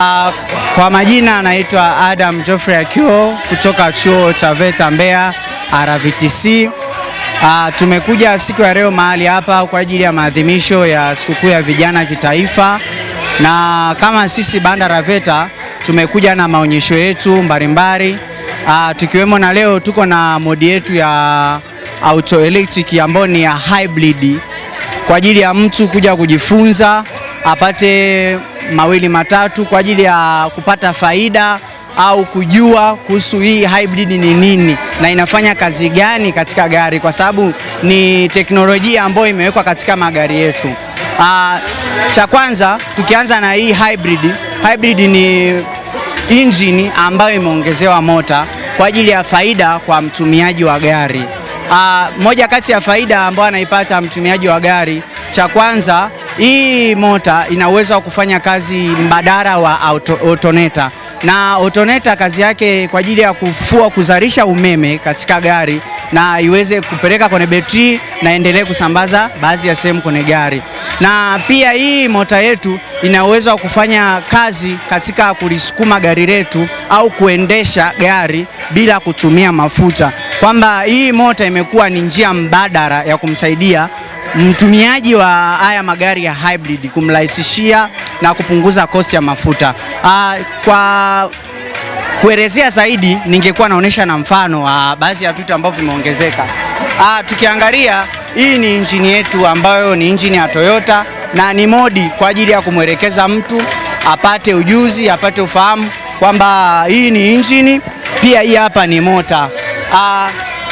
Uh, kwa majina anaitwa Adam Geoffrey Akio kutoka chuo cha VETA Mbeya RVTC. Uh, tumekuja siku ya leo mahali hapa kwa ajili ya maadhimisho ya sikukuu ya vijana kitaifa, na kama sisi banda la VETA tumekuja na maonyesho yetu mbalimbali uh, tukiwemo na leo tuko na modi yetu ya auto electric ambayo ni ya hybrid kwa ajili ya mtu kuja kujifunza apate mawili matatu kwa ajili ya kupata faida au kujua kuhusu hii hybrid ni nini na inafanya kazi gani katika gari, kwa sababu ni teknolojia ambayo imewekwa katika magari yetu. Aa, ah, cha kwanza tukianza na hii hybrid. Hybrid ni injini ambayo imeongezewa mota kwa ajili ya faida kwa mtumiaji wa gari. Aa, ah, moja kati ya faida ambayo anaipata mtumiaji wa gari, cha kwanza hii mota ina uwezo wa kufanya kazi mbadala wa otoneta na otoneta kazi yake kwa ajili ya kufua, kuzalisha umeme katika gari na iweze kupeleka kwenye betri na endelee kusambaza baadhi ya sehemu kwenye gari. Na pia hii mota yetu ina uwezo wa kufanya kazi katika kulisukuma gari letu au kuendesha gari bila kutumia mafuta, kwamba hii mota imekuwa ni njia mbadala ya kumsaidia mtumiaji wa haya magari ya hybrid kumrahisishia na kupunguza kosti ya mafuta. Aa, ah, kwa kuelezea zaidi ningekuwa naonyesha na mfano wa ah, baadhi ya vitu ambavyo vimeongezeka. Ah, tukiangalia hii ni injini yetu ambayo ni injini ya Toyota na ni modi kwa ajili ya kumwelekeza mtu apate ujuzi, apate ufahamu kwamba hii ni injini, pia hii hapa ni mota. Ah,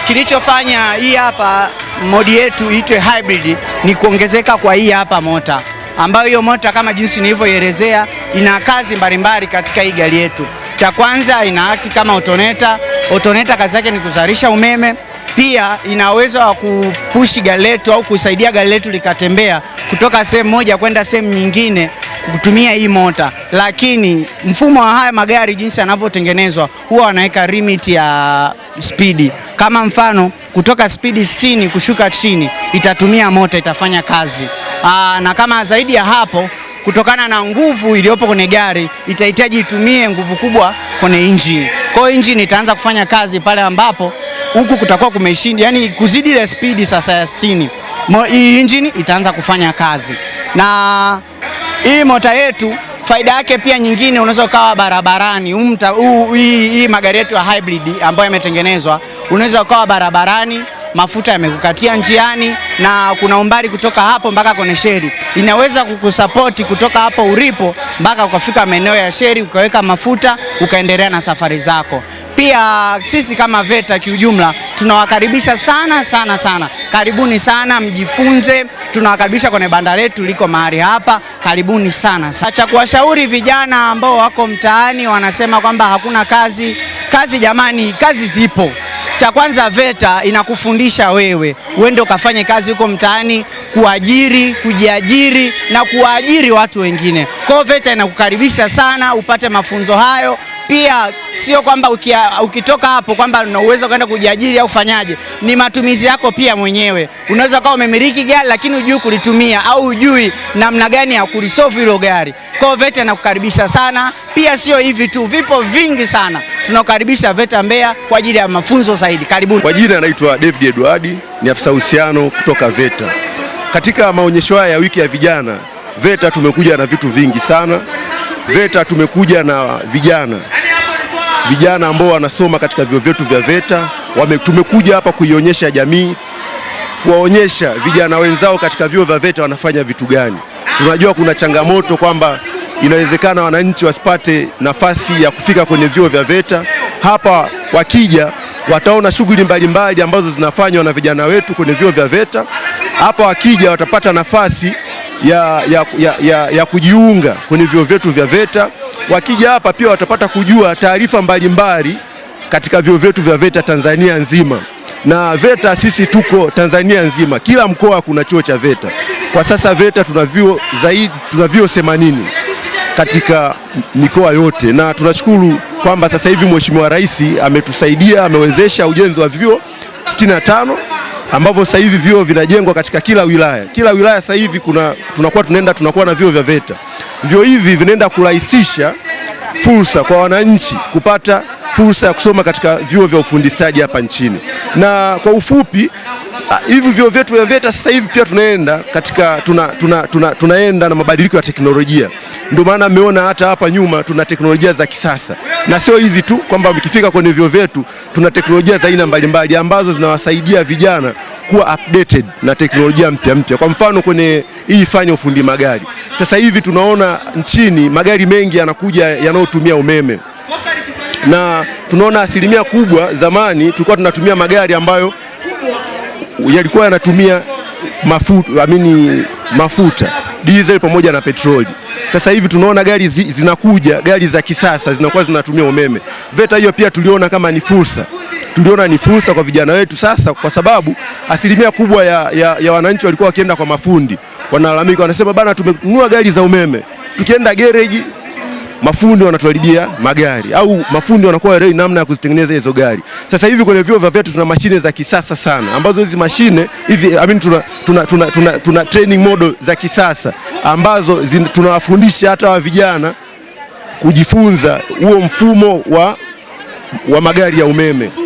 kilichofanya hii hapa modi yetu iitwe hybrid ni kuongezeka kwa hii hapa mota, ambayo hiyo mota kama jinsi nilivyoelezea ina kazi mbalimbali katika hii gari yetu. Cha kwanza ina act kama otoneta. Otoneta kazi yake ni kuzalisha umeme, pia ina uwezo wa kupushi gari letu au kusaidia gari letu likatembea kutoka sehemu moja kwenda sehemu nyingine kutumia hii mota, lakini mfumo wa haya magari jinsi yanavyotengenezwa huwa wanaweka limit ya spidi. Kama mfano kutoka spidi 60 kushuka chini, itatumia mota, itafanya kazi aa, na kama zaidi ya hapo kutokana na nguvu iliyopo kwenye gari itahitaji itumie nguvu kubwa kwenye injini. Kwa hiyo injini itaanza kufanya kazi pale ambapo huku kutakuwa kumeshindi, yani kuzidi ile spidi sasa ya 60, hii injini itaanza kufanya kazi na hii mota yetu faida yake pia nyingine, unaweza ukawa barabarani hii magari yetu ya hybrid ambayo yametengenezwa, unaweza ukawa barabarani mafuta yamekukatia njiani, na kuna umbali kutoka hapo mpaka kwenye sheri, inaweza kukusapoti kutoka hapo ulipo mpaka ukafika maeneo ya sheri, ukaweka mafuta, ukaendelea na safari zako. Pia sisi kama VETA kiujumla tunawakaribisha sana sana sana, karibuni sana mjifunze. Tunawakaribisha kwenye banda letu liko mahali hapa, karibuni sana sana. Cha kuwashauri vijana ambao wako mtaani wanasema kwamba hakuna kazi, kazi jamani, kazi zipo. Cha kwanza VETA inakufundisha wewe uende ukafanye kazi huko mtaani, kuajiri, kujiajiri na kuwaajiri watu wengine. Kwa hiyo VETA inakukaribisha sana upate mafunzo hayo pia sio kwamba ukitoka hapo kwamba una uwezo kwenda kujiajiri au ufanyaje, ni matumizi yako pia mwenyewe. Unaweza ukawa umemiliki gari lakini hujui kulitumia au hujui namna gani ya kulisolve hilo gari. Kwa hiyo VETA nakukaribisha sana. Pia sio hivi tu, vipo vingi sana. Tunakukaribisha VETA Mbeya kwa ajili ya mafunzo zaidi. Karibuni. Kwa jina anaitwa David Edward, ni afisa uhusiano kutoka VETA. Katika maonyesho haya ya wiki ya vijana, VETA tumekuja na vitu vingi sana VETA tumekuja na vijana vijana ambao wanasoma katika vyuo vyetu vya VETA wame, tumekuja hapa kuionyesha jamii, kuwaonyesha vijana wenzao katika vyuo vya VETA wanafanya vitu gani. Tunajua kuna changamoto kwamba inawezekana wananchi wasipate nafasi ya kufika kwenye vyuo vya VETA. Hapa wakija wataona shughuli mbalimbali ambazo zinafanywa na vijana wetu kwenye vyuo vya VETA. Hapa wakija watapata nafasi ya, ya, ya, ya, ya kujiunga kwenye vyuo vyetu vya VETA. Wakija hapa pia watapata kujua taarifa mbalimbali katika vyuo vyetu vya VETA Tanzania nzima. Na VETA sisi tuko Tanzania nzima, kila mkoa kuna chuo cha VETA. Kwa sasa VETA tuna vyuo zaidi, tuna vyuo 80 katika mikoa yote, na tunashukuru kwamba sasa hivi Mheshimiwa Rais ametusaidia, amewezesha ujenzi wa vyuo 65 ambavyo sasa hivi vyuo vinajengwa katika kila wilaya. Kila wilaya sasa hivi kuna tunakuwa tunaenda tunakuwa na vyuo vya VETA. Vyuo hivi vinaenda kurahisisha fursa kwa wananchi kupata fursa ya kusoma katika vyuo vya ufundishaji hapa nchini. Na kwa ufupi, Ah, hivi vyo vyetu vya VETA sasa hivi pia tunaenda katika tuna, tuna, tuna, tunaenda na mabadiliko ya teknolojia. Ndio maana mmeona hata hapa nyuma tuna teknolojia za kisasa, na sio hizi tu kwamba mkifika kwenye vyo vyetu tuna teknolojia za aina mbalimbali ambazo zinawasaidia vijana kuwa updated na teknolojia mpya mpya. Kwa mfano kwenye hii fani ya ufundi magari, sasa hivi tunaona nchini magari mengi yanakuja yanayotumia umeme, na tunaona asilimia kubwa, zamani tulikuwa tunatumia magari ambayo yalikuwa yanatumia mafuta, amini mafuta diesel pamoja na petroli. Sasa hivi tunaona gari zi, zinakuja gari za kisasa zinakuwa zinatumia umeme. VETA hiyo pia tuliona kama ni fursa, tuliona ni fursa kwa vijana wetu sasa, kwa sababu asilimia kubwa ya, ya, ya wananchi walikuwa wakienda kwa mafundi, wanalalamika wanasema, bana, tumenunua gari za umeme, tukienda gereji mafundi wanatuharibia magari au mafundi wanakuwa rei namna ya kuzitengeneza hizo gari. Sasa hivi kwenye vyuo vya vyetu tuna mashine za kisasa sana, ambazo hizi mashine hizi I mean, tuna, tuna, tuna, tuna, tuna training model za kisasa ambazo tunawafundisha hata wa vijana kujifunza huo mfumo wa, wa magari ya umeme.